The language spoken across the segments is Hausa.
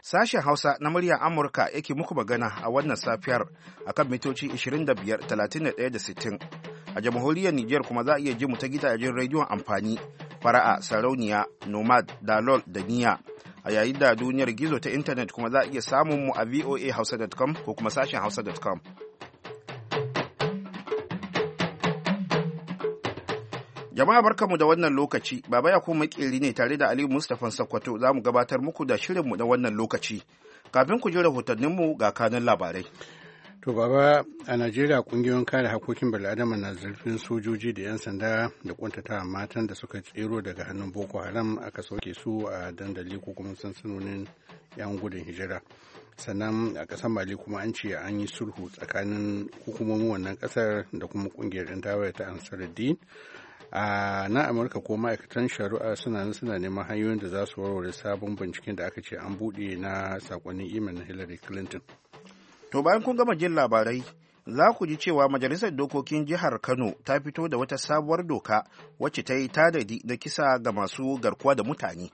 Sashen Hausa na murya Amurka yake muku magana a wannan safiyar a kan mitoci 25, 31 da 60. A jamhuriyar Nijar kuma za a iya ji mu ta gidajen rediyon amfani fara'a sarauniya nomad dalol da niya a yayin da duniyar gizo ta intanet kuma za a iya samun mu a voa hausa.com ko kuma sashen hausa.com Jama'a barkamu da wannan lokaci, Baba ya kuma makeri ne tare da Aliyu Mustapha Sakwato za mu gabatar muku da shirinmu na wannan lokaci. Kafin ku ji rahotanninmu ga kanun labarai. To baba a Najeriya ƙungiyoyin kare hakokin bala'adama na zurfin sojoji da 'yan sanda da ƙuntatawa matan da suka tsero daga hannun Boko Haram aka sauke su a dandali ko kuma sansanonin 'yan gudun hijira. Sannan a ƙasar Mali kuma an ce an yi sulhu tsakanin hukumomin wannan ƙasar da kuma ƙungiyar 'yan tawaye ta din. a na amurka ko ma'aikatan shari'a suna nan suna neman hanyoyin da za su warware sabon binciken da aka ce an buɗe na sakonnin imel na hillary clinton to bayan kun gama jin labarai za ku ji cewa majalisar dokokin jihar kano ta fito da wata sabuwar doka wacce ta yi tadadi da kisa ga masu garkuwa da mutane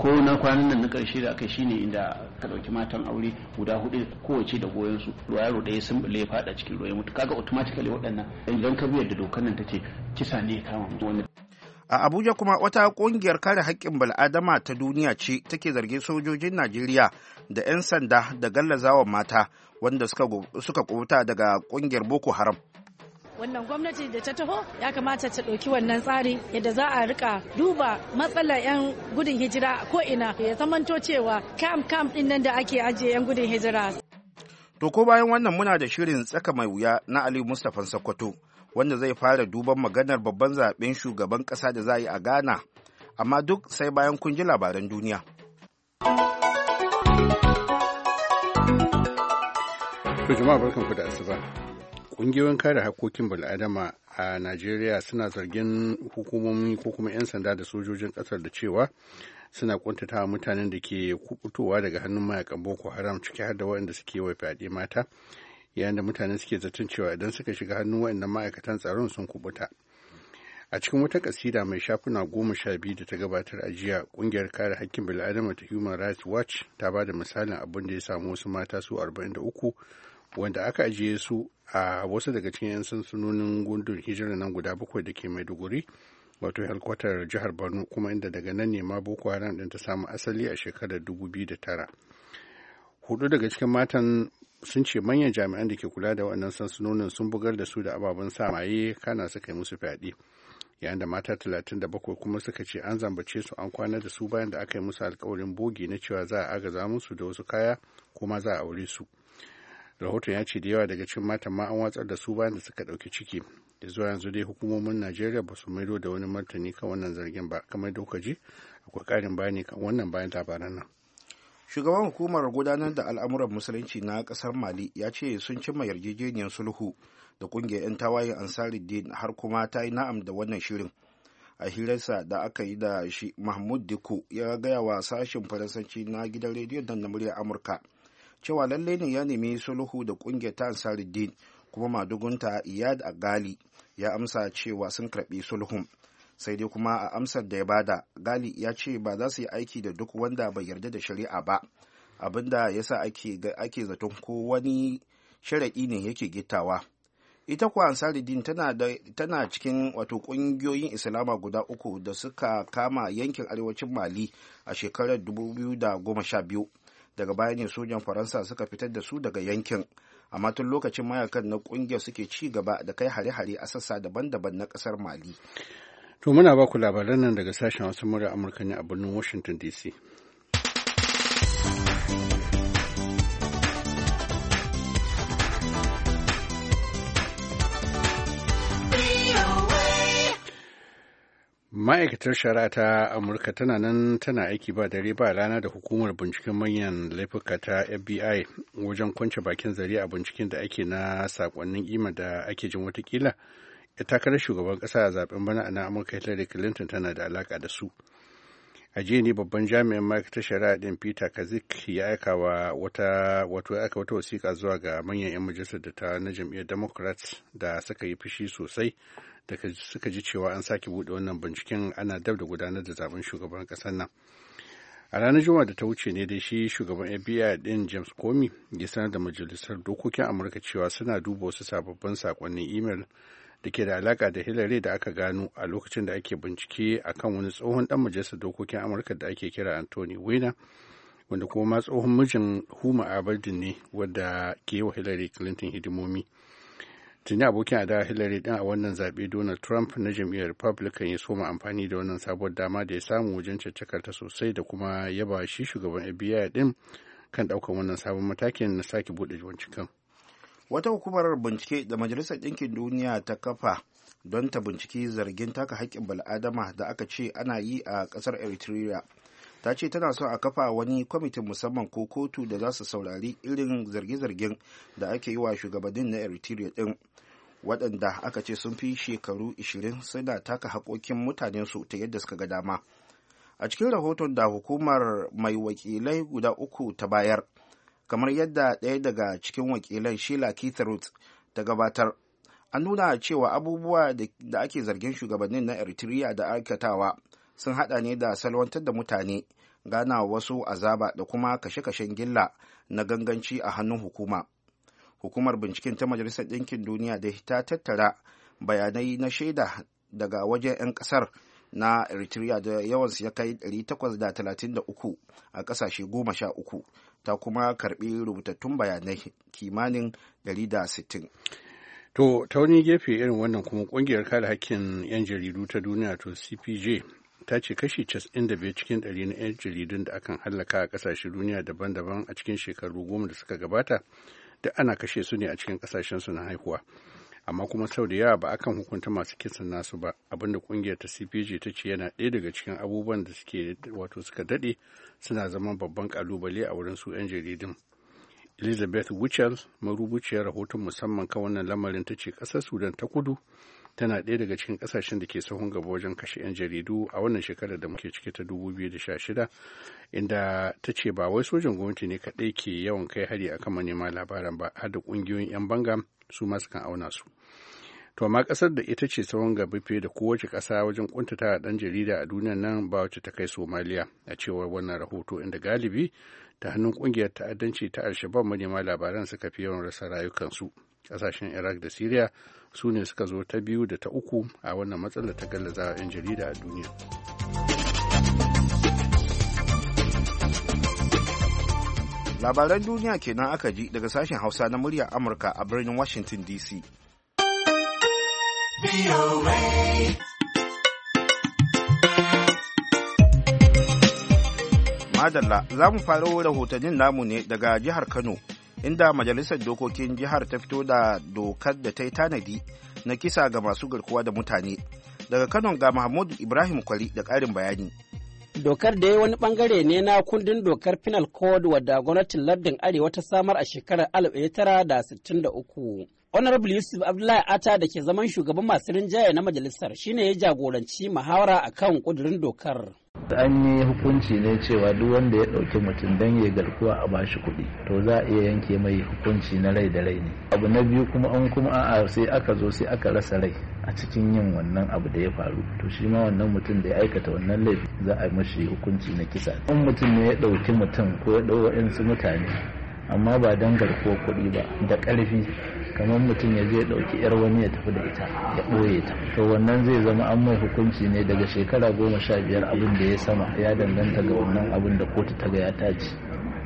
ko na kwanan nan na karshe da aka shine inda ka dauki matan aure guda hudu kowace da goyon su yaro ɗaya sun bale fada cikin ruwa ya mutu kaga automatically waɗannan idan ka biyar da dokar nan tace kisa ne kama wani a abuja kuma wata kungiyar kare haƙƙin bal'adama ta duniya ce take zargin sojojin najeriya da 'yan sanda da gallazawa mata wanda suka kubuta daga kungiyar boko haram wannan gwamnati da ta taho ya kamata ta ɗauki wannan tsari yadda za a rika duba matsalar 'yan gudun hijira ko ina ya zamanto cewa kam kam din nan da ake ajiye 'yan gudun hijira. To ko bayan wannan muna da shirin tsaka mai wuya na Ali Mustapha Sokoto wanda zai fara duban maganar babban zaben shugaban ƙasa da za a yi a Ghana amma duk sai bayan kun ji labaran duniya. jama'a barkanku da asuba. ƙungiyoyin kare hakokin bil'adama a najeriya suna zargin hukumomi ko kuma 'yan sanda da sojojin kasar da cewa suna kuntata mutanen da ke kubutowa daga hannun mayakan boko haram ciki har da waɗanda suke wa fyaɗe mata yayin da mutane suke zaton cewa idan suka shiga hannun waɗannan ma'aikatan tsaron sun kubuta a cikin wata kasida mai shafuna goma sha biyu da ta gabatar a jiya kungiyar kare hakkin bil'adama ta human rights watch ta ba da misalin abin da ya samu wasu mata su arba'in da uku. wanda aka ajiye su a wasu daga cikin 'yan sansanonin gundun hijira nan guda bakwai da ke maiduguri wato helkwatar jihar borno kuma inda daga nan ne ma boko haram ɗin ta samu asali a shekarar biyu da tara hudu daga cikin matan sun ce manyan jami'an da ke kula da waɗannan sansanonin sun bugar da su da ababen samaye kana suka yi musu fyaɗe yayin da mata talatin da bakwai kuma suka ce an zambace su an kwana da su bayan da aka yi musu alkawarin bogi na cewa za a agaza musu da wasu kaya kuma za a aure su rahoton ya ce da yawa daga cikin matan ma an watsar da su bayan da suka ɗauki ciki da zuwa yanzu dai hukumomin najeriya ba su maido da wani martani kan wannan zargin ba kamar da kuka ji akwai ƙarin bayani kan wannan bayan labaran nan shugaban hukumar gudanar da al'amuran musulunci na kasar mali ya ce sun cimma yarjejeniyar sulhu da ƙungiyar 'yan tawayen ansari din har kuma ta yi na'am da wannan shirin a hirarsa da aka yi da shi mahmud diko ya gaya wa sashen faransanci na gidan rediyon nan na muryar amurka cewa lallai ne ya nemi sulhu da kungiyar ta ansaruddin kuma madugunta iyad gali ya amsa cewa sun karbi sulhun sai dai kuma a amsar da ya bada gali ya ce ba za su yi aiki da duk wanda bai yarda da shari'a ba abinda ya sa ake zaton ko wani sharaɗi ne yake gittawa ita kuwa ansaruddin tana, tana cikin wato ƙungiyoyin islama guda uku da suka kama yankin arewacin mali a shekarar 2012 daga baya ne sojan faransa suka fitar da su daga yankin amma tun lokacin mayakan na kungiyar suke ci gaba da kai hare-hare a sassa daban-daban na kasar mali to muna ba ku labaran nan daga sashen wasu murya amurka ne a birnin washington dc ma'aikatar shari'a ta amurka tana nan tana aiki ba dare ba rana da hukumar binciken manyan laifuka ta fbi wajen kwance bakin zari a binciken da ake na sakonnin ima da ake jin watakila ya takarar shugaban kasa a zaben bana a na amurka hillary clinton tana da alaka da su a jiya ne babban jami'in ma'aikatar shari'a din peter kazik ya aika wa wata wato aika wata wasiƙa zuwa ga manyan 'yan majalisar da ta na jam'iyyar democrats da suka yi fushi sosai da suka ji cewa an sake buɗe wannan binciken ana dab da gudanar da zaben shugaban ƙasar nan a ranar juma'a da ta wuce ne da shi shugaban fbi din james comey ya sanar da majalisar dokokin amurka cewa suna duba wasu sababbin sakonnin imel da ke da alaka da hillary da aka gano a lokacin da ake bincike a kan wani tsohon dan majalisar dokokin amurka da ake kira anthony weiner wanda kuma ma tsohon mijin huma aberdeen ne wadda ke yi wa hillary clinton hidimomi tuni abokin adawa hillary din a wannan zaɓe donald trump na jam'iyyar republican ya soma amfani da wannan sabuwar dama da ya samu wajen ta sosai da kuma yaba shi shugaban fbi din kan ɗaukar wannan sabon matakin na sake buɗe kan. wata hukumar bincike da majalisar ɗinkin duniya ta kafa don ta binciki zargin taka haƙƙin bal'adama da aka ce ana yi a ƙasar eritrea ta ce tana son a kafa wani kwamitin musamman ko kotu da za su saurari irin zarge-zargen da ake yi wa shugabannin na eritrea ɗin waɗanda aka ce sun fi shekaru 20 suna taka haƙoƙin mutanensu ta yadda suka ga dama a cikin rahoton da hukumar mai wakilai guda uku ta bayar kamar yadda ɗaya daga cikin wakilan sheila keith ta gabatar an nuna cewa abubuwa da ake zargin shugabannin na eritrea da aikatawa sun hada ne da salwantar da mutane gana wasu azaba da kuma kashe-kashen gilla na ganganci a hannun hukuma hukumar binciken ta majalisar ɗinkin duniya da ta tattara bayanai na shaida daga wajen 'yan ƙasar na eritrea da yawansu ya kai 833 a ƙasashe 13 ta kuma karɓi rubutattun bayanai kimanin 160 To, ta wani gefe irin wannan kuma kungiyar kare hakkin 'yan jaridu ta duniya to CPJ ta ce kashi 95 cikin ɗari na 'yan jaridun da akan hallaka a ƙasashen duniya daban-daban a cikin shekaru goma da suka gabata da ana kashe su ne a cikin su na haihuwa. amma kuma sau da yawa ba kan hukunta masu kisan nasu ba abinda kungiyar ta cpg ta ce yana ɗaya daga cikin abubuwan da suke wato suka daɗe suna zama babban kalubale a wurin su 'yan jaridun elizabeth wichel marubuciyar rahoton musamman kan wannan lamarin ta ce ƙasar sudan ta kudu tana ɗaya daga cikin ƙasashen da ke sahun gaba wajen kashe 'yan jaridu a wannan shekarar da muke ciki ta 2016 inda ta ce ba wai sojan gwamnati ne kaɗai ke yawan kai hari a kan manema labaran ba har da ƙungiyoyin 'yan banga su masu kan auna su. to amma ƙasar da ita ce tsawon gaba fiye da kowace ƙasa wajen kuntata a ɗan jarida a duniyar nan ba wacce ta kai somaliya a cewar wannan rahoto inda galibi ta hannun ƙungiyar ta'addanci ta alshabab manema labaran suka fi yawan rasa rayukansu kasashen iraq da syria su ne suka zo ta biyu da ta uku a wannan matsala ta gallaza 'yan jarida a duniya labaran duniya kenan aka ji daga sashen hausa na muryar amurka a birnin washington dc madalla za mu faro rahotannin namu ne daga jihar kano inda majalisar dokokin jihar ta fito da dokar da ta yi tanadi na kisa ga masu garkuwa da mutane daga kano ga mahmud ibrahim kwali da karin bayani dokar da ya wani bangare ne na kundin dokar final code wadda gwamnatin lardin arewa ta samar a shekarar 1963 Honorable Yusuf Abdullahi Ata da ke zaman shugaban masu rinjaye na majalisar shine ya jagoranci muhawara akan kudurin dokar. an yi hukunci ne cewa duk wanda ya ɗauki mutum don ya garkuwa a bashi kuɗi to za a iya yanke mai hukunci na rai da rai ne abu na biyu kuma an kuma a'a sai aka zo sai aka rasa rai a cikin yin wannan abu da ya faru to shi ma wannan mutum da ya aikata wannan laifi za a mashi hukunci na kisa in mutum ne ya ɗauki mutum ko ya ɗau wa'insu mutane amma ba don garkuwa kuɗi ba da ƙarfi kamar mutum ya je ɗauki yar wani ya tafi da ita ya ɓoye ta to wannan zai zama an mai hukunci ne daga shekara goma sha biyar abin da ya sama ya danganta ga wannan abin da kotu ta ga ya taci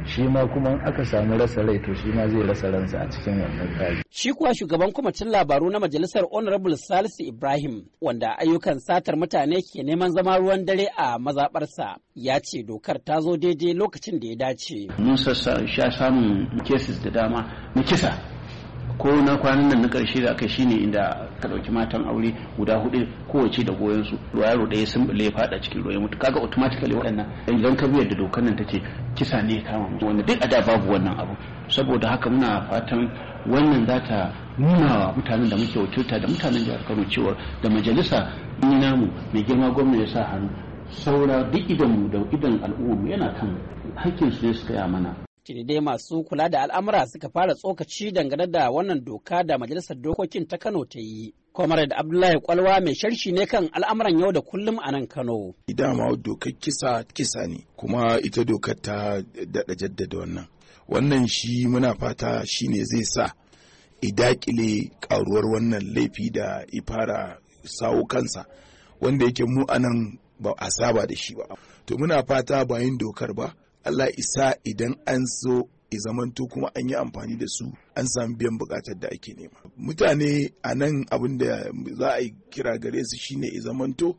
shi ma kuma aka samu rasa rai to shi ma zai rasa ransa a cikin wannan kaji. Shi kuwa shugaban kwamitin labaru na majalisar Honorable Salisu Ibrahim wanda ayyukan satar mutane ke neman zama ruwan dare a mazaɓarsa ya ce dokar ta zo daidai lokacin da ya dace. Mun sassa sha samun cases da dama mu kisa ko na kwanan nan na karshe da aka shine inda ka ɗauki matan aure guda hudu kowace da goyon su yaro ɗaya sun bule fada cikin ruwa ya mutu kaga automatically waɗannan idan ka biyar da dokar nan tace kisa ne kama wanda duk a da babu wannan abu saboda haka muna fatan wannan za ta nuna wa mutanen da muke wakilta da mutanen jihar Kano cewa da majalisa ni namu mai girma gwamna ya sa hannu saura duk idan mu da idan al'ummu yana kan hakkin su ne suka yi mana dai masu kula da al'amura suka fara tsokaci dangane da wannan doka da majalisar dokokin ta kano ta yi comrade da abdullahi kwalwa mai sharshi ne kan al'amuran yau da kullum a nan kano dama dokar kisa kisa ne kuma ita dokar ta dada jaddada wannan wannan shi muna fata shine zai sa idakile karuwar wannan laifi da ifara sawo kansa wanda yake mu anan ba a saba da shi ba to muna fata bayan dokar ba Allah isa idan an so i zamanto kuma an yi amfani da su an sami biyan bukatar da ake nema mutane a nan abin da za a yi kira gare su shine i zamanto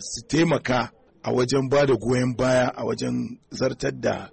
su taimaka a wajen ba da goyon baya a wajen zartar da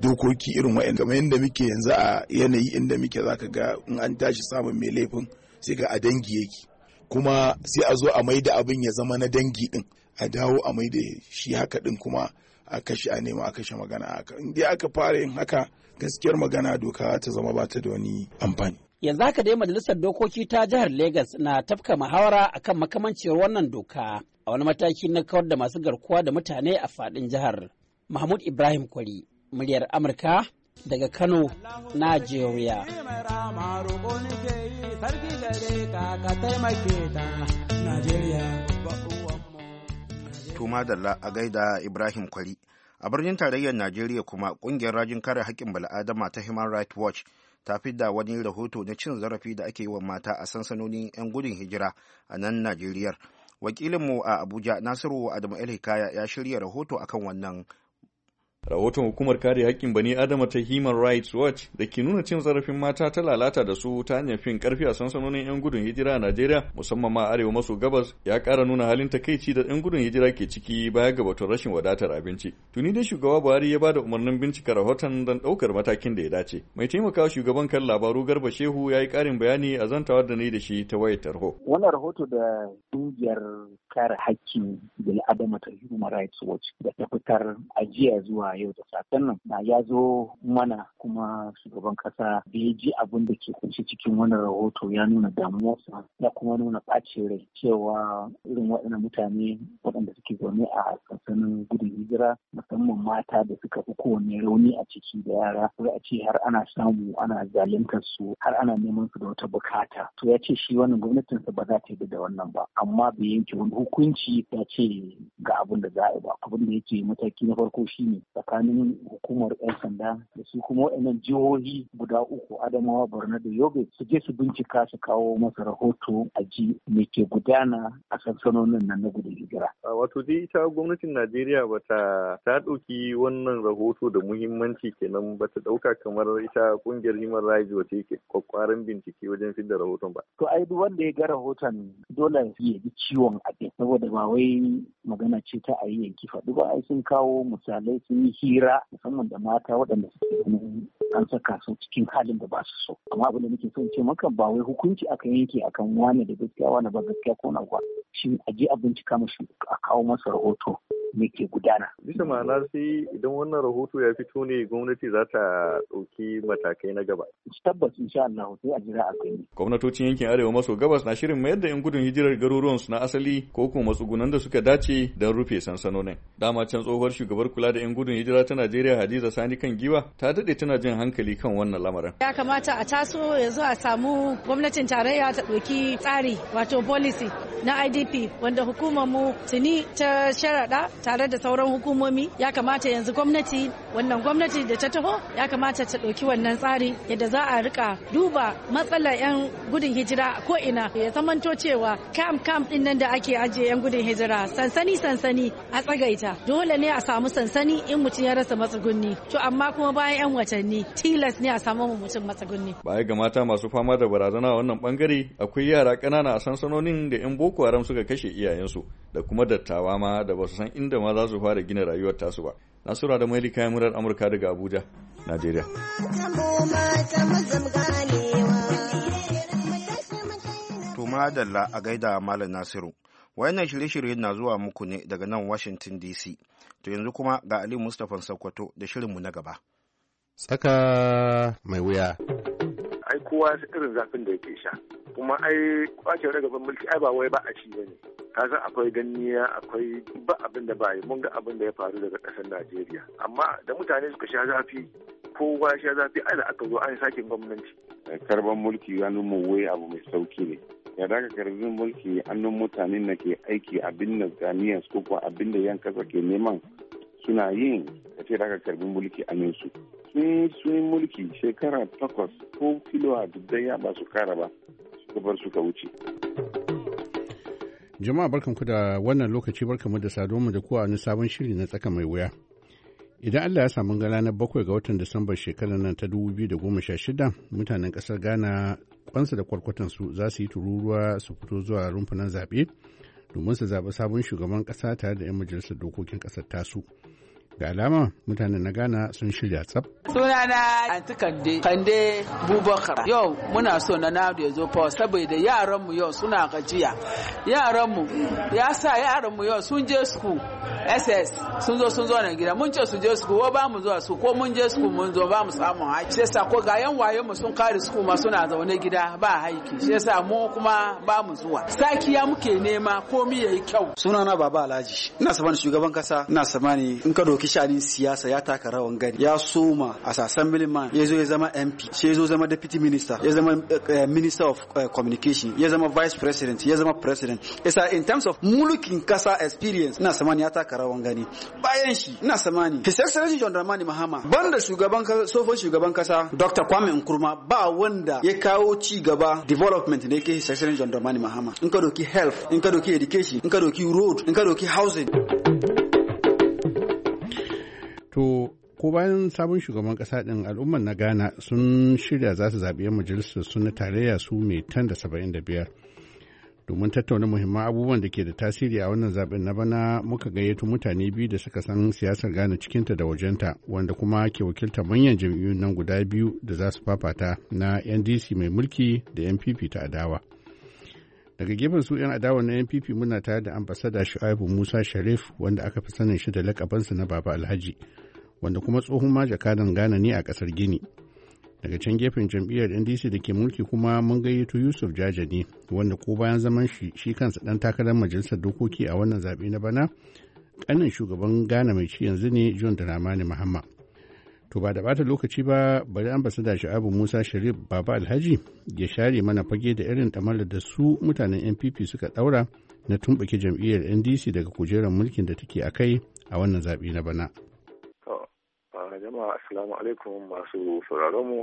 dokoki irin wa'in kamar yadda muke yanzu a yanayi inda muke zaka ga in an tashi samun mai laifin sai ga a dangi yake kuma sai a zo a mai da abin ya zama na dangi din a dawo a mai da shi haka din kuma a kashe a nemo a kashe magana haka in dai aka fara yin haka gaskiyar magana doka ta zama ba ta da wani amfani yanzu haka dai majalisar dokoki ta jihar Legas na tafka muhawara akan makamanciyar wannan doka a wani mataki na kawar da masu garkuwa da mutane a fadin jihar mahmud ibrahim kwari muryar amurka daga kano najeriya Najeriya. to Dalla a gaida Ibrahim Kwari. A birnin tarayyar Najeriya kuma kungiyar rajin kare haƙƙin bala'adama ta Human Rights Watch ta da wani rahoto na cin zarafi da ake yi wa mata a sansanonin 'yan gudun hijira a nan Najeriyar. Wakilinmu a Abuja Nasiru Adamu El Hikaya ya shirya rahoto akan wannan rahoton hukumar kare haƙƙin bani adama ta human rights watch da ke nuna cin zarafin mata ta lalata da su ta hanyar fin karfi a sansanonin 'yan gudun hijira a najeriya musamman ma arewa maso gabas ya ƙara nuna halin takaici da 'yan gudun hijira ke ciki baya ga batun rashin wadatar abinci tuni dai shugaba buhari ya ba da umarnin bincika rahoton don ɗaukar matakin da ya dace mai taimakawa shugaban kan labaru garba shehu ya yi ƙarin bayani a zantawar da ni da shi ta wayar tarho wannan rahoto da ƙungiyar kare hakkin adama ta Human Rights Watch da ta fitar ajiya zuwa yau da safen nan na ya zo mana kuma shugaban kasa da ya ji abin da ke kunshi cikin wannan rahoto ya nuna damuwarsa ya kuma nuna ɓacin rai cewa irin waɗannan mutane waɗanda suke zaune a sansanin gudun hijira musamman mata da suka fi kowane rauni a ciki da yara sai a ce har ana samu ana zaluntar su har ana neman su da wata bukata to ya ce shi wannan gwamnatinsa ba za ta yi da wannan ba amma bai yanke wani hukunci ta ce ga abin da za a yi ba abin da yake mataki na farko shine tsakanin hukumar 'yan sanda da su kuma waannan jihohi guda uku adamawa borno da yobe su je su bincika su kawo masa rahoto a ji me ke gudana a sansanonin nan na gudun hijira. wato dai ita gwamnatin najeriya ba ta ta ɗauki wannan rahoto da muhimmanci kenan ba ta ɗauka kamar ita ƙungiyar human rights wace kwakwaran bincike wajen fidda rahoton ba. to ai duk wanda ya ga rahoton dole ya bi ciwon abin saboda ba wai magana ce ta a yi yanki faɗi ba ai sun kawo misalai sun yi hira musamman da mata waɗanda suke ganin an saka su cikin halin da ba su so amma abin da nake son ce maka ba wai hukunci aka yanke akan wani da gaskiya wani ba gaskiya ko na ba shi a je a bincika mashi a kawo masa rahoto muke gudana. Bisa ma'ana sai idan wannan rahoto ya fito ne gwamnati za ta ɗauki matakai na gaba. Tabbas insha Allah sai a jira a gani. Gwamnatocin yankin Arewa maso gabas na shirin mayar da 'yan gudun hijirar garuruwan su na asali ko kuma matsugunan da suka dace don rufe sansanonin. Dama can tsohuwar shugabar kula da 'yan gudun hijira ta Najeriya Hadiza Sani kan giwa ta daɗe tana jin hankali kan wannan lamarin. Ya kamata a taso yanzu a samu gwamnatin tarayya ta ɗauki tsari wato policy na IDP wanda hukumar mu tuni ta sharaɗa tare da sauran hukumomi ya kamata yanzu gwamnati wannan gwamnati da ta taho ya kamata ta ɗauki wannan tsari yadda za a rika duba matsalar 'yan gudun hijira ko ina ya zamanto cewa kam kam din nan da ake ajiye 'yan gudun hijira sansani sansani a tsagaita dole ne a samu sansani in mutum ya rasa matsugunni to amma kuma bayan 'yan watanni tilas ne a samu mutum matsugunni baya ga mata masu fama da barazana wannan bangare akwai yara kanana a sansanonin da 'yan boko haram suka kashe iyayensu da kuma dattawa ma da basu san inda ma za su fara gina rayuwar tasu ba nasura da maili kayan murar amurka daga abuja najeriya to madalla a gaida malam nasiru wayannan shirye shiryen na zuwa muku ne daga nan washington dc to yanzu kuma ga ali mustapha sokoto da shirinmu na gaba tsaka mai wuya ai kowa su irin zafin da yake sha kuma ai kwace ragaban mulki ai ba wai ba a shi bane kasan akwai ganniya akwai ba abin da ba yi mun ga abin da ya faru daga ƙasar Najeriya amma da mutane suka sha zafi kowa sha zafi ai da aka zo an sake gwamnati karban mulki ya mu wai abu mai sauki ne ya daga karbin mulki hannun mutanen da ke aiki abin da ganiyar su ko abin da yan kasa ke neman suna yin tafiya daga aka mulki a su sun sun mulki shekara takwas ko kilowa da ya ba su kara ba suka bar suka wuce jama'a barkanku da wannan lokaci mu da mu da kuwa wani sabon shiri na tsaka mai wuya idan allah ya samu gala na bakwai ga watan disambar shekarar nan ta 2016 mutanen kasar ghana kwansa da kwarkwatan su za su yi tururuwa su fito zuwa rumfunan zaɓe domin su zaɓi sabon shugaban ƙasa tare da 'yan majalisar dokokin ƙasar tasu. ga alama mutanen na ghana sun shirya tsab sunana anti kande kande bubakar yau muna so na nado ya zo fawa saboda yaranmu yau suna gajiya yaranmu ya sa mu yau sun je su ss sun zo sun zo nan gida mun ce su je su ko ba mu zuwa su ko mun je su mun zo ba mu samu haiki shi yasa ko ga yan waye mu sun kare su kuma suna zaune gida ba haiki shi yasa mu kuma ba mu zuwa sakiya muke nema mi yayi kyau sunana baba alhaji ina saman shugaban kasa ina samani in ka doki shani siyasa ya taka rawan gani ya soma a sasan miliman ya zo ya zama mp shi ya zo zama deputy minister ya zama eh, eh, minister of eh, communication ya zama vice president ya zama president isa in terms of mulkin kasa experience ina samani ya taka taka gani bayan shi ina samani his excellency john dramani mahama banda shugaban sofon shugaban kasa dr kwame nkrumah ba wanda ya kawo ci gaba development ne ke his excellency john dramani mahama in ka doki health in ka doki education in ka doki road in ka doki housing to ko bayan sabon shugaban kasa din al'umman na ghana sun shirya za su zaɓi majalisar su na tarayya su mai tan da saba'in biyar domin tattauna muhimman abubuwan da ke da tasiri a wannan zaben na bana muka gayyato mutane biyu da suka san siyasar gane cikinta da wajenta wanda kuma ke wakilta manyan jam'iyyun nan guda biyu da za su fafata na ndc mai mulki da npp ta adawa daga gefen su 'yan adawa na npp muna tare da ambasada shu'aibu musa sharif wanda aka fi sanin shi da lakabansa na baba alhaji wanda kuma tsohon majakadan jakadan gane ne a kasar gini daga can gefen jam'iyyar ndc da ke mulki kuma mun gayyato yusuf jajani wanda ko bayan zaman shi kansa dan takarar majalisar dokoki a wannan zaɓe na bana kanin shugaban ghana mai ci yanzu ne john dramani mahama to ba da bata lokaci ba bari an basu da sha'abu musa sharif baba alhaji ya share mana fage da irin damalar da su mutanen npp suka daura na tumɓuke jam'iyyar ndc daga kujerar mulkin da take a kai a wannan zaɓe na bana jama'a assalamu alaikum masu sauraron mu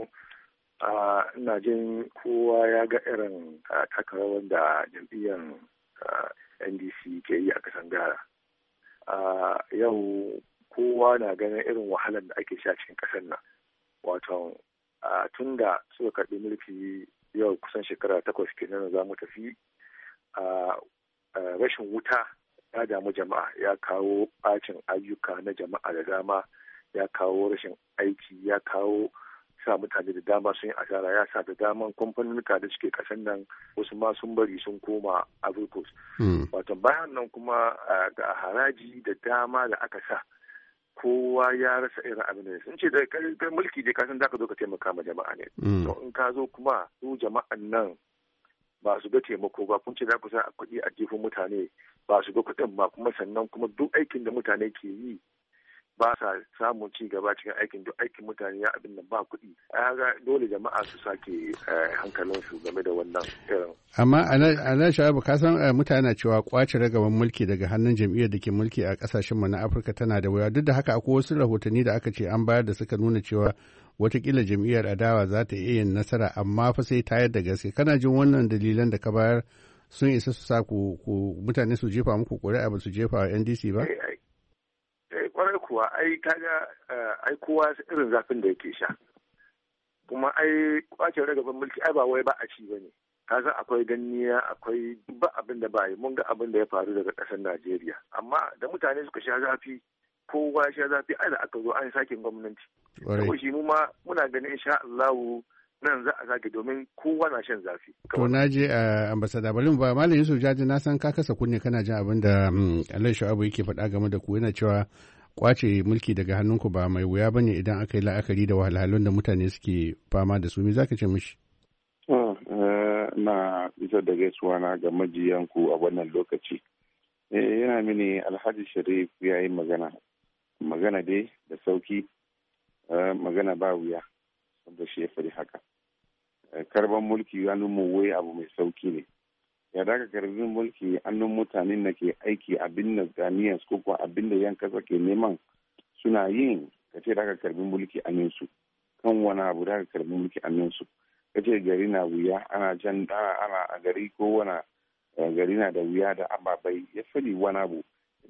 ina jin kowa ya ga irin takarawar da jam'iyyar ndc ke yi a kasan gara yau kowa na ganin irin wahalar da ake sha cikin kasar nan wato tun da suka karɓi mulki yau kusan shekara takwas kenan za mu tafi rashin wuta ya damu jama'a ya kawo bacin ayyuka na jama'a da dama ya kawo rashin aiki ya kawo sa mutane da dama sun yi asara ya sa da daman kamfanunuka da suke kasan nan wasu ma sun bari sun koma africos hmm. wato bayan nan kuma ga haraji da dama da aka sa kowa ya rasa irin abin da sun ce da kai mulki dai kasan da ka zo ka taimaka ma jama'a ne hmm. to in ka zo kuma su jama'an nan ba su ga taimako ba kun ce za ku sa kuɗi a jifin mutane ba su ga kuɗin ba kuma sannan kuma duk aikin da mutane ke yi ba sa samun ci gaba cikin aikin duk aikin mutane ya abin nan ba kuɗi ga dole jama'a su sake eh, su game da wannan irin amma a nan ba ka san eh, mutane cewa kwace ragaban mulki daga hannun jam'iyyar da ke mulki a kasashen mu na afirka tana da wuya duk da haka akwai wasu rahotanni da aka ce an bayar da suka nuna cewa watakila jam'iyyar adawa za ta iya yin nasara amma fa sai tayar da gaske kana jin wannan dalilan da ka bayar sun isa su sa ku mutane su jefa muku ƙuri'a ba su jefa wa ndc ba eh, kwarai kuwa ai kaga eh, ai kowa irin zafin da yake sha kuma ai kwace ragaban mulki ai ba wai ba a ci ba ne kaza akwai ganniya akwai ba abin da ba yi mun ga abin da ya faru daga ƙasar Najeriya amma da mutane suka sha zafi kowa sha zafi ai da aka zo an sake gwamnati kuma shi mu ma muna ganin insha Allah nan za a sake domin kowa na shan zafi to na je eh, ambasada balin ba malam Yusuf Jaji na san ka kasa kunne kana jin abin da mm, Allah Shu'abu yake faɗa game da ku yana cewa kwace mulki daga hannunku ba mai wuya ba ne idan aka yi la'akari da wahalhalun da mutane suke fama da su me za ka ce mishi eh, na isa da gaisuwa na ga majiyanku a wannan lokaci eh, yana mini alhaji sharif ya yi magana magana dai da sauki eh, magana ba wuya wanda shi ya faɗi haka karban mulki ya mu wai abu mai sauki ne ya daga karbin mulki annun mutanen da ke aiki abin da ganiyar ko kuma abin da yan kasa ke neman suna yin ka ce daga karbin mulki annan su kan wani abu daga karbin mulki annan su ka ce gari na wuya ana can da ana a gari ko wani eh, gari na da wuya da ababai ya fari wani abu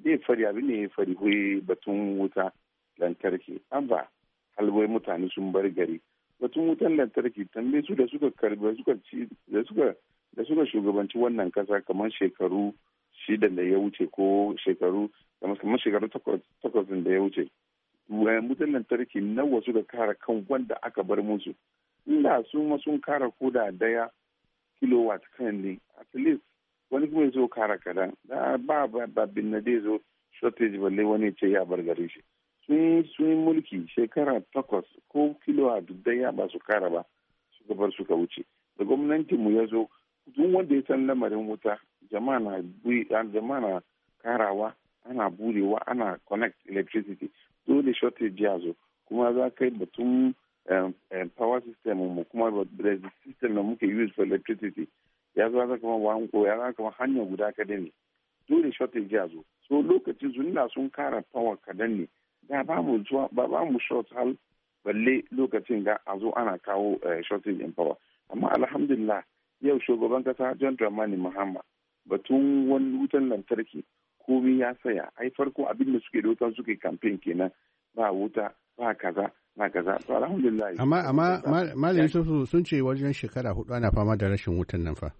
ya fari abin da ya fari hoye batun wuta lantarki an ba halwai mutane sun bar gari batun wutan lantarki tambaye su da suka karbi da suka da suka shugabanci wannan kasa kamar shekaru shida da ya wuce ko shekaru kamar shekaru takwas da ya wuce wutan lantarki nawa suka kara kan wanda aka bar musu inda su ma sun kara koda daya kilowatt kan ne at least wani kuma zo kara kadan ba bin na zo shortage balle wani ce ya bar gari shi sun yi mulki shekara takwas ko kilowatt daya ba su kara ba suka bar suka wuce da gwamnatinmu ya zo duk wanda ya san lamarin wuta jama'a na karawa ana burewa ana connect electricity dole shortage ya zo kuma za ka yi batun eh, eh, power system mu kuma da system da muke use for electricity ya zo za kama wanko ya za kama hanyar guda kadan ne dole shortage ya zo so lokacin su sun kara power kadan ne da ba mu ba ba mu short hal balle lokacin ga a zo ana kawo eh, shortage in power amma alhamdulillah yau shugaban kasa john dramani mahama batun wani wutan lantarki komi ya saya ai farko abin da suke doka suke kamfen kenan ba wuta ba kaza ba kaza to alhamdulillah amma amma malam yusufu sun ce wajen shekara hudu ana fama da rashin wutan nan fa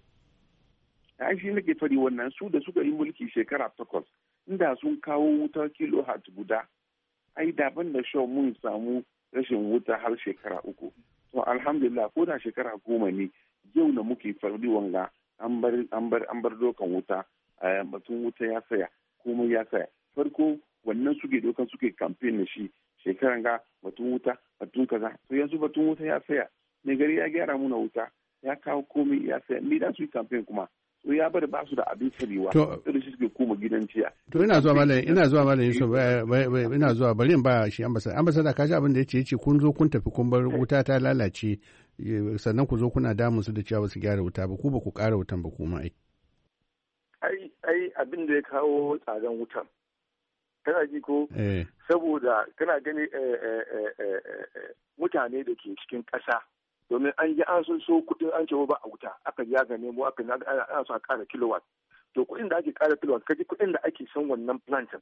ai shi nake fari wannan su da suka yi mulki shekara takwas inda sun kawo wuta hat guda ai daban da shau mun samu rashin wuta har shekara uku to alhamdulillah ko da shekara goma ne yau da muke farbi wanga an bar dokan wuta batun wuta ya saya komai ya saya farko wannan suke dokan suke kamfen da shi shekaran ga batun wuta batun kaza to yanzu batun wuta ya saya mai gari ya gyara muna wuta ya kawo komai ya saya ni da su yi kamfen kuma to ya bari ba su da abin sarewa to shi suke koma gidan jiya to ina zuwa malam ina zuwa malam Yusuf eh, eh, eh, ina zuwa bari in ba shi ambasada ambasada ka ji abin da yace yace kun zo kun tafi kun bar wuta ta lalace Eh, sannan ku zo kuna damun su da cewa ba su gyara wuta ba ku ba ku ƙara wutan ba kuma ai ai abin da ya kawo tsadan wutan kana ji ko eh. saboda kana gani eh, mutane da ke cikin ƙasa domin an ji an sun so kuɗin an ce ba a wuta aka ji ga nemo aka ana so a ƙara kilowatt to kuɗin da ake ƙara kilowatt kaji kuɗin da ake san wannan plantin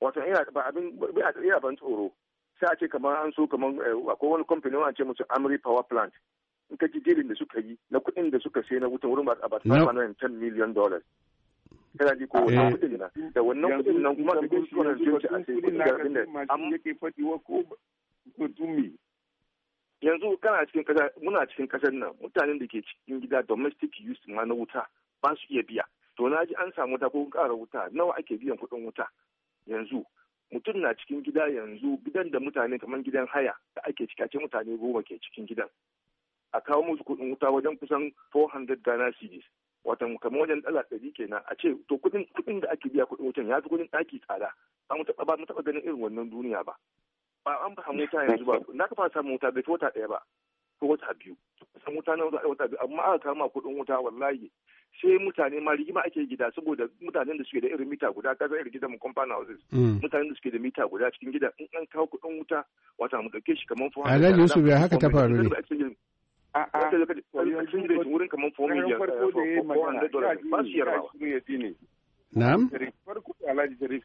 wato yana ba abin ina ban tsoro sai a ce kamar an so kamar eh, akwai wani kamfanin an ce musu amri power plant in ka ji jirin da suka yi na kuɗin da suka sai na wutan wurin about 510 million dollars kana ji ko wani eh. kuɗin na da wannan kuɗin nan kuma da kuɗin suna zuwa a sai kuɗin garin da amma yake fadiwa ko mutumi yanzu kana cikin kasa muna cikin kasar nan mutanen da ke cikin gida domestic use ma na wuta ba su iya biya to na ji an samu ta ko ƙara wuta nawa ake biyan kuɗin wuta yanzu mutum na cikin gida yanzu gidan da mutane kamar gidan haya da ake ciki ce mutane goma ke cikin gidan a kawo musu kuɗin wuta wajen kusan 400 Ghana cedis watan kamar wajen dala ɗari kenan a ce to kuɗin kuɗin da ake biya kuɗin wutan ya fi kuɗin ɗaki tsada ba mu taɓa ba mu taɓa ganin irin wannan duniya ba ba an ba samu wuta yanzu ba na ka fara samun wuta bai fi wata ɗaya ba ko wata biyu san wuta na wata biyu amma aka kama kuɗin wuta wallahi sai mutane ma rigima ake gida saboda mutanen da suke da irin mita guda kaza irin gidan compound houses mm. mutanen da suke da mita guda cikin gida in an kawo kuɗin wuta wata mu dauke shi kamar Yusuf ya haka ta faru ne a eh, ba su yarwa Na'am? da Alhaji Sharif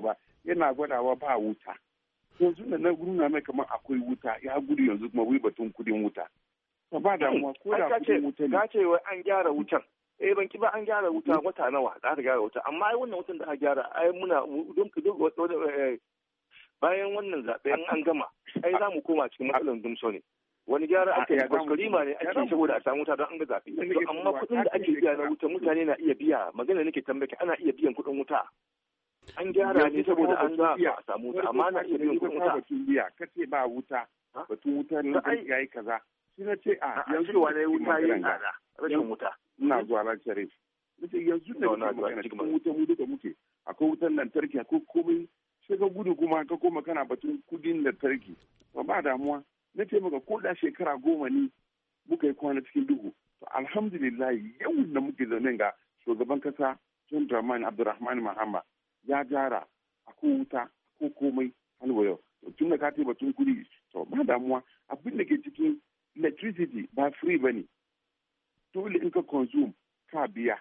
ba yana gwadawa ba wuta. Yanzu da na mai kamar akwai wuta ya gudu yanzu kuma wai batun kudin wuta. Ba damuwa ko da wuta ne. ce wai an gyara wutan. Eh ban ki ba an gyara wuta wata nawa za ta gyara wuta amma ai wannan wutan da aka gyara ai muna duk duk eh, bayan wannan zaɓen an gama ai za mu koma cikin matsalar dumso ne. wani gyara aka yi kwaskwarima ne ake saboda a samu wuta don an ga zafi amma kudin da ake biya na wuta mutane na iya biya magana nake tambaki ana iya biyan kuɗin wuta an gyara ne saboda an ga a samu wuta amma ana iya biyan kuɗin wuta ka ce ba wuta batun wuta na ya yi kaza na ce ah, a yanzu ne wuta yin tsada rashin wuta ina zuwa ran sharif yanzu da muke magana cikin wuta mu duka muke akwai wutan lantarki akwai komai sai ka gudu kuma ka koma kana batun kudin lantarki ba damuwa na ce maka ko da shekara goma ne muka yi kwana cikin duhu to alhamdulillah yau da muke zaune ga shugaban kasa John Dramani Abdulrahman Mahama ya gyara akwai wuta ko komai halwa yau tun da ka ce batun kudi to ba damuwa abin da ke cikin electricity ba free ba ne dole in ka consume ka biya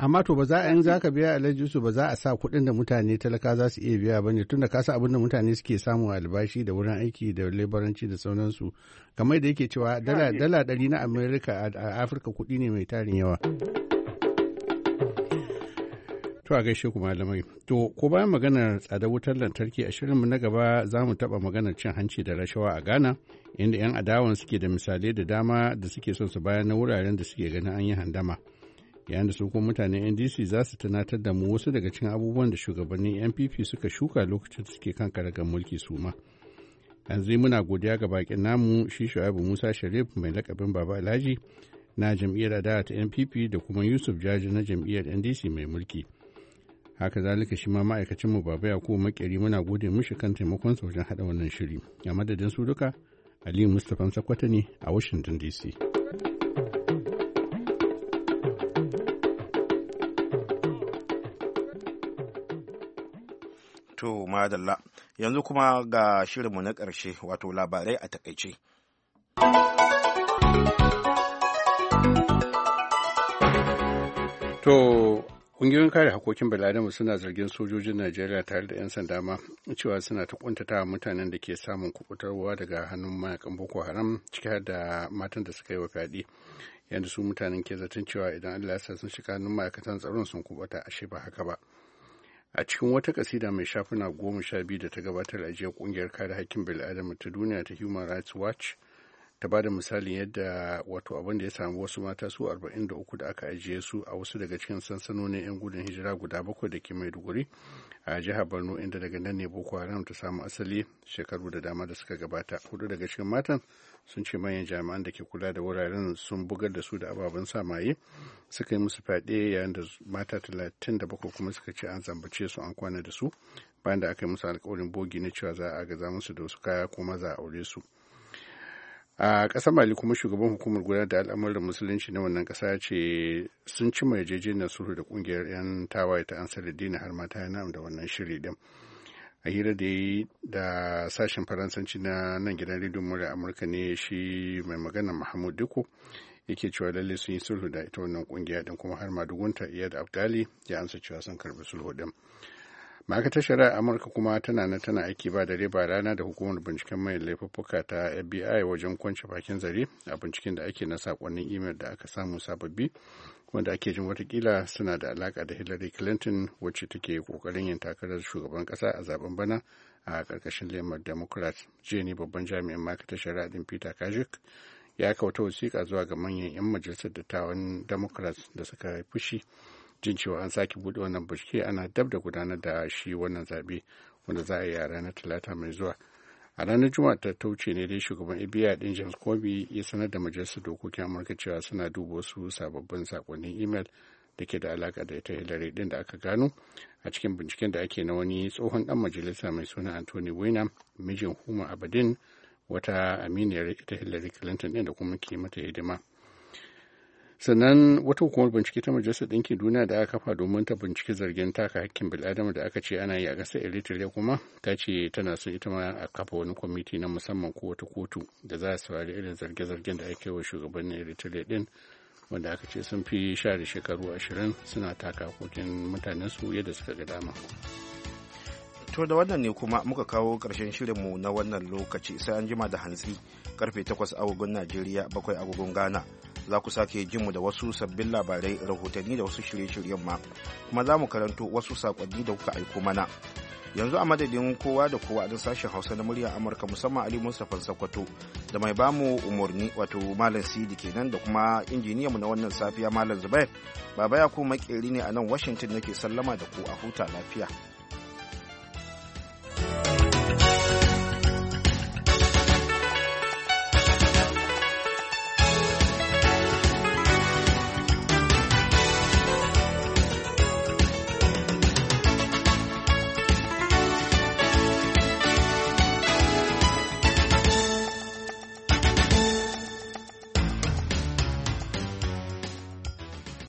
amma to ba za a yin za ka biya alhaji ba za a sa kuɗin da mutane talaka za su iya biya ba ne tun da kasa abin da mutane suke samu albashi da wurin aiki da labaranci da sauransu kamar da yake cewa dala ɗari na amerika a afirka kuɗi ne mai tarin yawa. To a gaishe ku malamai. To ko bayan maganar tsada wutar lantarki a shirinmu na gaba za mu taɓa maganar cin hanci da rashawa a Ghana inda 'yan adawan suke da misalai da dama da suke son su bayan na wuraren da suke ganin an yi handama. Yayin da su kuma mutanen NDC za su tunatar da mu wasu daga cikin abubuwan da shugabannin NPP suka shuka lokacin da suke kan karagar mulki su ma. Yanzu muna godiya ga bakin namu shi Shu'aibu Musa Sharif mai lakabin Baba Alhaji na jam'iyyar adawa ta NPP da kuma Yusuf Jaji na jam'iyyar NDC mai mulki. haka zalika shi ma ma'aikacin mu baba kuma makeri muna gode mishi kan taimakon sa wajen hada wannan shiri a madadin su duka aliyu mustapha sakwata ne a washington dc to madalla yanzu kuma ga shirin mu na ƙarshe wato labarai a takaice to Ƙungiyoyin kare hakokin Biladama suna zargin sojojin Najeriya tare da 'yan sanda ma cewa suna ta kuntata mutanen da ke samun kubutarwa daga hannun mayakan Boko Haram ciki har da matan da suka yi wa fyaɗe. Yanda su mutanen ke zaton cewa idan Allah ya sun shiga hannun ma'aikatan tsaron sun kubuta ashe ba haka ba. A cikin wata ƙasida mai shafuna goma sha biyu da ta gabatar a jiya ƙungiyar kare hakkin Biladama ta duniya ta Human Rights Watch ta bada misalin yadda wato abin da ya samu wasu mata su 43 da aka ajiye su a wasu daga cikin sansanonin 'yan gudun hijira guda bakwai da ke maiduguri a jihar borno inda daga nan ne boko haram ta samu asali shekaru da dama da suka gabata hudu daga cikin matan sun ce manyan jami'an da ke kula da wuraren sun bugar da su da ababen samaye suka yi musu fyaɗe yayin da mata 37 kuma suka ce an zambace su an kwana da su bayan da aka yi musu alkawarin bogi na cewa za a gaza musu da wasu kaya kuma za a aure su a ƙasar mali kuma shugaban hukumar gudanar da al'amuran musulunci na wannan ƙasa ce sun ci mai yarjejeniyar sulhu da ƙungiyar 'yan tawaye ta ansar da dina har mata yana da wannan shiri din a hira da yi da sashen faransanci na nan gidan rediyon murya amurka ne shi mai magana mahmud duku yake cewa lalle sun yi sulhu da ita wannan ƙungiya din kuma har ma madugunta iyad abdali ya ansa cewa sun karbi sulhu din ma'aikatar shari'ar amurka kuma tana na tana aiki ba dare ba rana da hukumar binciken mai laifuffuka ta fbi wajen kwance bakin zare a binciken da ake na sakonnin imel da aka samu sababbi wanda ake jin watakila suna da alaka da hillary clinton wacce take kokarin yin takarar shugaban kasa a zaben bana a karkashin lemar democrat jiya ne babban jami'in ma'aikatar shari'a din peter kajik ya kauta wasiƙa zuwa ga manyan 'yan majalisar dattawan democrats da suka fushi jin cewa an sake buɗe wannan bincike ana dab da gudanar da shi wannan zaɓe wanda za a yi a ranar talata mai zuwa a ranar juma'a ta tauce ne dai shugaban abi din james kobi ya sanar da majalisar dokokin amurka cewa suna duba wasu sababbin sakonnin imel da ke da alaka da ita hillary din da aka gano a cikin binciken da ake na wani tsohon dan majalisa mai suna anthony weiner mijin huma abadin wata aminiyar ita hillary clinton din da kuma ke mata hidima sannan wata hukumar bincike ta majalisar ɗinkin duniya da aka kafa domin ta bincike zargin taka hakkin bil'adama da aka ce ana yi a ƙasar eritrea kuma ta ce tana son ita ma a kafa wani kwamiti na musamman ko wata kotu da za a saurari irin zarge-zargen da ake wa shugabannin eritrea ɗin wanda aka ce sun fi share shekaru ashirin suna taka hakokin mutanensu yadda suka ga dama. to da wannan ne kuma muka kawo ƙarshen shirinmu na wannan lokaci sai an jima da hantsi karfe 8 agogon najeriya bakwai agogon ghana za ku sake jin mu da wasu sabbin labarai rahotanni da wasu shirye-shiryen ma kuma za mu karanto wasu sakonni da kuka aiko mana yanzu a madadin kowa da kowa a sashen hausa na murya amurka musamman ali mustapha sakwato da mai bamu umarni wato malam sidi kenan da kuma injiniya mu na wannan safiya malam zubair baba ya kuma makeri ne a nan washington nake sallama da ku a huta lafiya